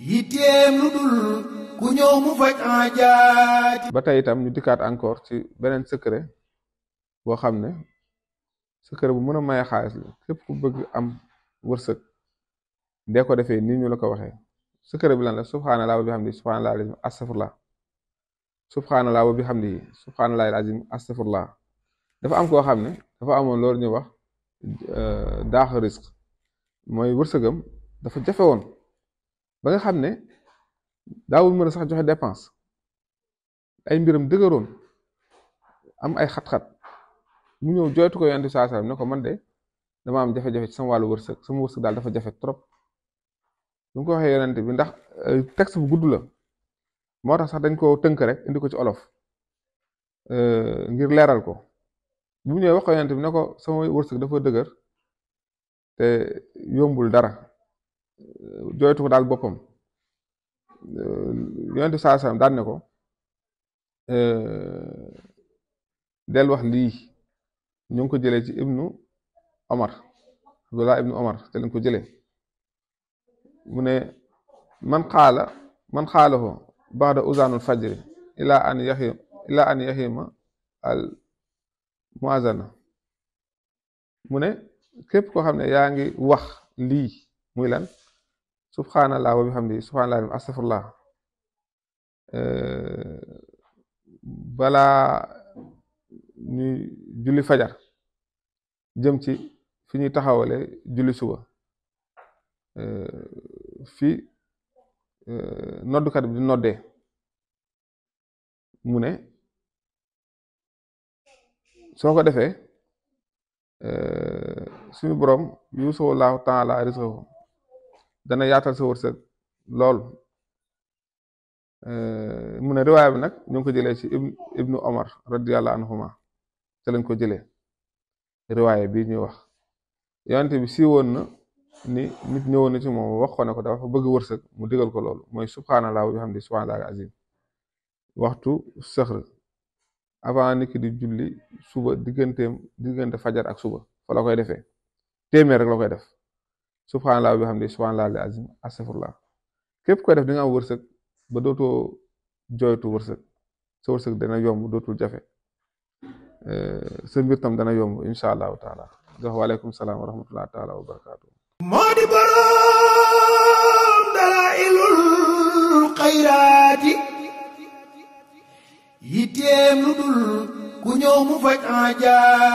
yitteem lu dul ku ñëw mu faj aajaati ba tey itam ñu dikkaat encore ci beneen secret boo xam ne secret bu mën a maye xaalis la képp ku bëgg am wërsëg dee ko defee nii ñu la ko waxee secret bi la lan la subhanallah wa bihamdi subhanallah bi xam subhanallah wa bihamdi subhanallah alazim astafurlah dafa am koo xam ne dafa amoon loolu ñuy wax euh, daax risk mooy wërsëgam dafa jafe woon ba nga xam ne daawul mën a sax joxe depense ay mbiram dëgëroon am ay xat-xat mu ñëw jooytu ko yonent bi saa salaam ne ko man de dama am jafe-jafe ci sama wàllu wërsëg sama wërsëg daal dafa jafe trop bu ko waxee yonent bi ndax euh, texte bu gudd la moo tax sax dañ ko tënk rek indi ko ci olof euh, ngir leeral ko bu mu ñëwee wax ko yonent bi ne ko sama wërsëg dafa dëgër te yombul dara jooytu euh, ko daal boppam yonente saa salaam ne ko euh, del wax lii ñu ngi ko jëlee ci ibnu omar abdullah ibnu omar te lañ ko jëlee mu ne man xaala man xaalahu baxda usaanul fajri ilaa an yaxim ilaa yaxima al muazana mu ne képp koo xam ne yaa ngi wax lii muy lan subhanallah wa bihamdi subhanallah astafurlah balaa ñuy julli fajar jëm ci fi ñuy taxawale julli suba fi noddukat bi di noddee mu ne soo ko defee suñu borom yuusawallaahu taala risqahu dana yaatal sa wërsëg lool mu ne riwaaya bi nag ñu ngi ko jëlee ci ibnu omar radiyallahu anhuma te lañ ko jëlee riwaaya bii ñuy wax yonent bi si woon na ni nit ñëwoon na ci moom wax ko ne ko dafa bëgg wërsëg mu digal ko loolu mooy subhanallah wa bihamdi subhanallah azim waxtu sëxr avant nit ki di julli suba digganteem diggante fajar ak suba fa la koy defee téeméer rek la koy def subhanallah bi xam ne subhanallah al azim astafurlah képp koy def di nga am wërsëg ba dootoo jooytu wërsëg sa wërsëg dana yomb dootul jafe eh, sa mbir tam dana yomb incha allahu taala jox waaleykum salaam wa rahmatullah taala wa barakaatu moo di boroom dul ku ñëw mu faj